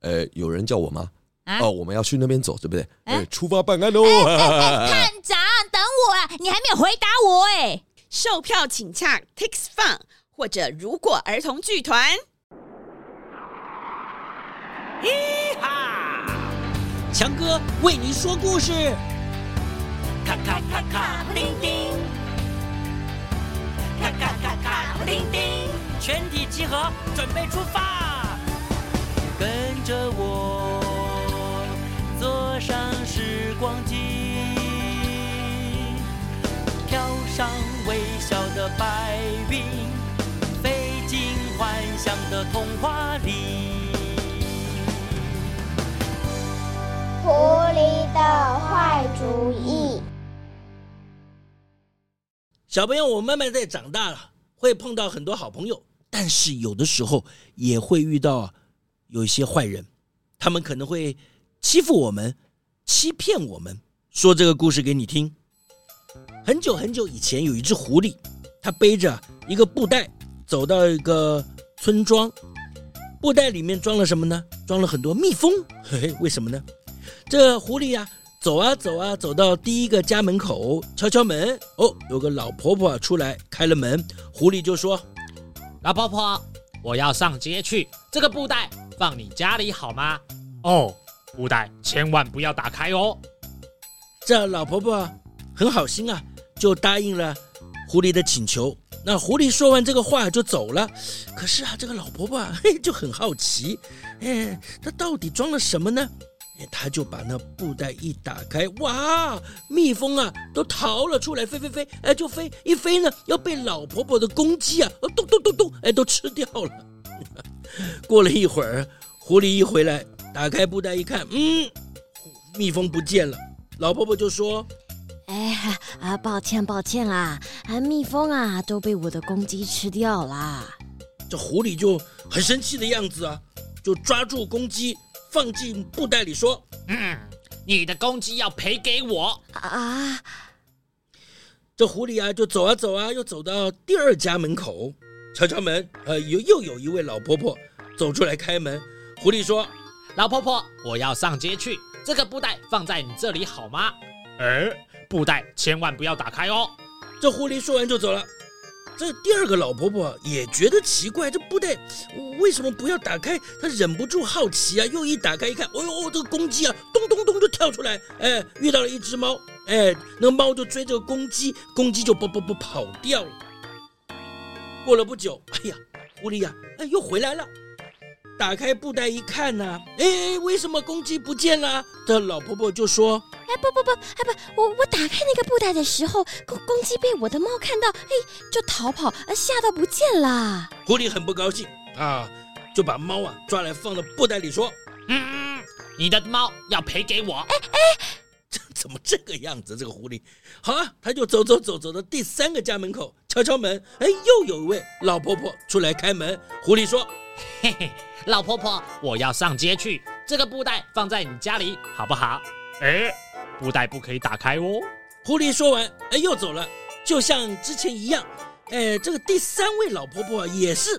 呃，有人叫我嗎？啊？哦，我們要去那邊走，對不對？哎、啊呃，出發辦案嘍、欸欸欸！探長，等我啊，你還沒有回答我哎、欸。售票請洽 Tix Fun，或者如果兒童劇團。咿哈！強哥為你說故事。咔咔咔咔，布丁丁。咔咔咔咔，布丁丁。全體集合，準備出發。跟着我，坐上時光機，飄上微笑的白雲，飛進幻想的童話裡。狐狸的壞主意。小朋友，我慢慢在長大了，會碰到很多好朋友，但是有的時候也會遇到有一些壞人，他們可能會欺負我們、欺騙我們。說這個故事給你聽。很久很久以前，有一隻狐狸，它背着一個布袋走到一個村莊，布袋裡面裝了什麼呢？裝了很多蜜蜂。嘿嘿，為什麼呢？這狐狸呀，走啊走啊，走到第一個家門口，敲敲門。哦，有個老婆婆出來開了門，狐狸就說：“老婆婆。”我要上街去，這個布袋放你家裡好嗎？哦，布袋千萬不要打開哦。這老婆婆很好心啊，就答應了狐狸的請求。那狐狸說完這個話就走了。可是啊，這個老婆婆嘿，就很好奇，哎，她到底裝了什麼呢？他就把那布袋一打開，哇，蜜蜂啊都逃了出來，飛飛飛，哎，就飛一飛呢，要被老婆婆的公雞啊，咚咚咚咚，哎，都吃掉了。 過了一會兒，狐狸一回來，打開布袋一看，嗯，蜜蜂不見了。老婆婆就說：“哎，啊，抱歉抱歉啊，啊，蜜蜂啊都被我的公雞吃掉了。”這狐狸就很生氣的樣子啊，就抓住公雞。放進布袋裡，說：“嗯，你的公雞要賠給我啊！”這狐狸啊，就走啊走啊，又走到第二家門口，敲敲門。呃，又又有一位老婆婆走出來開門。狐狸說：“老婆婆，我要上街去，這個布袋放在你這裡好嗎？”而、呃、布袋千萬不要打開哦！這狐狸說完就走了。這第二個老婆婆也覺得奇怪，這布袋為什麼不要打開？她忍不住好奇啊，又一打開一看，哦呦哦，這個公雞啊，咚咚咚就跳出來，哎，遇到了一只貓，哎，那個、貓就追着公雞，公雞就啵啵啵跑掉了。過了不久，哎呀，狐狸呀，哎，又回來了，打開布袋一看呢，啊，哎，為什麼公雞不見了？這老婆婆就說。哎不不不，哎不，我我打開那個布袋的時候，公公雞被我的貓看到，哎，就逃跑，嚇到不見了。狐狸很不高興啊，就把貓啊抓來放到布袋裡，說：“嗯，你的貓要賠給我。”哎哎哎，這怎麼這個樣子？這個狐狸，好啊，他就走走走，走到第三個家門口，敲敲門，哎，又有一位老婆婆出來開門。狐狸說：“嘿嘿，老婆婆，我要上街去，這個布袋放在你家裡好不好？”哎。布袋不可以打開哦。狐狸說完，哎，又走了，就像之前一樣。哎，這個第三位老婆婆也是。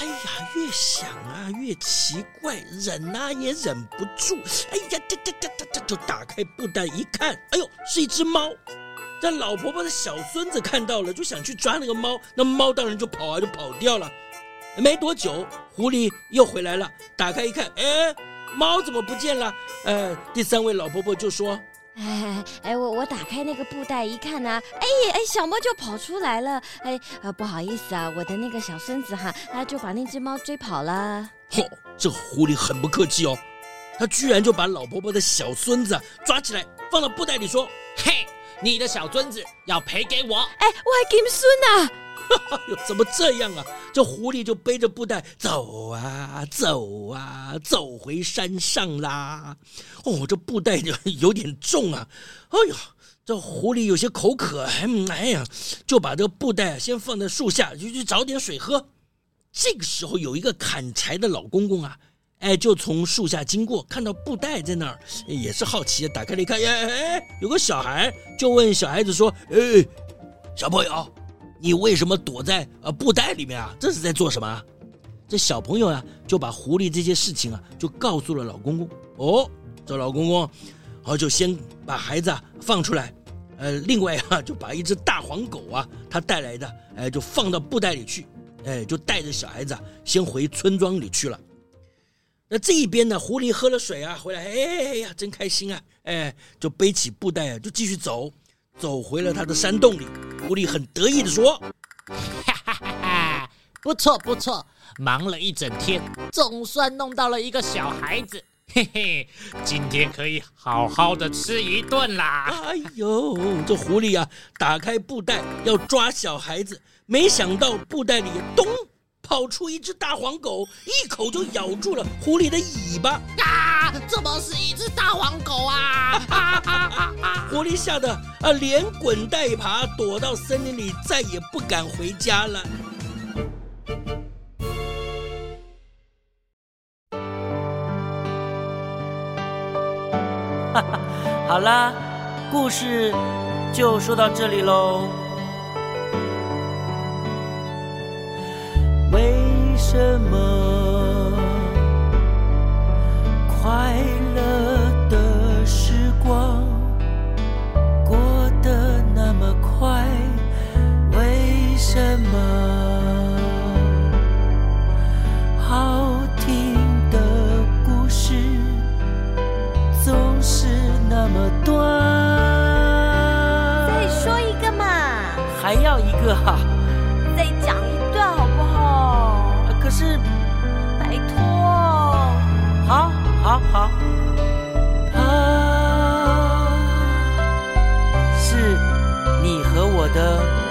哎呀，越想啊越奇怪，忍啊也忍不住。哎呀，噠噠噠噠，就打開布袋一看，哎呦，是一隻貓。這老婆婆的小孫子看到了，就想去抓那個貓，那貓當然就跑啊，就跑掉了。沒多久，狐狸又回來了，打開一看，哎。貓怎麼不見了？呃，第三位老婆婆就說：“哎哎，我我打開那個布袋一看呢，啊，哎哎，小貓就跑出來了。哎啊，呃，不好意思啊，我的那個小孫子哈，他就把那隻貓追跑了。嚯，這狐狸很不客氣哦，他居然就把老婆婆的小孫子抓起來放到布袋裡說：嘿。”你的小孫子要賠給我，哎，我還給你孫呢。怎麼這樣啊？這狐狸就背着布袋走啊走啊，走回山上啦。哦，這布袋就有點重啊。哎呦，這狐狸有些口渴，哎呀，就把這個布袋先放在樹下，就去，去找點水喝。這個時候，有一個砍柴的老公公啊。哎，就從樹下經過，看到布袋在那兒，也是好奇，打開了一看，哎哎，有個小孩，就問小孩子說：“哎，小朋友，你為什麼躲在呃布袋裡面啊？這是在做什麼啊？”這小朋友啊，就把狐狸這些事情啊，就告訴了老公公。哦，這老公公，然後就先把孩子、啊、放出來，呃、哎，另外啊，就把一隻大黃狗啊，他帶來的，哎，就放到布袋裡去，哎，就帶着小孩子、啊、先回村莊裡去了。那這一邊呢？狐狸喝了水啊，回來，哎哎哎呀，真開心啊！哎，就背起布袋，啊，就繼續走，走回了他的山洞裡。狐狸很得意地說：“哈哈哈哈哈，不錯不錯，忙了一整天，總算弄到了一個小孩子，嘿嘿，今天可以好好的吃一頓啦！”哎呦，這狐狸啊，打開布袋要抓小孩子，沒想到布袋裡東。跑出一隻大黃狗，一口就咬住了狐狸的尾巴。啊！怎麼是一隻大黃狗啊？啊啊啊啊 狐狸嚇得啊，連滾帶爬，躲到森林裡，再也不敢回家了。 好啦，故事就說到這裡嘍。什麼快樂的時光過得那麼快？為什麼好聽的故事總是那麼短？再說一個嘛！還要一個哈、啊！再講。好好，啊，他是你和我的。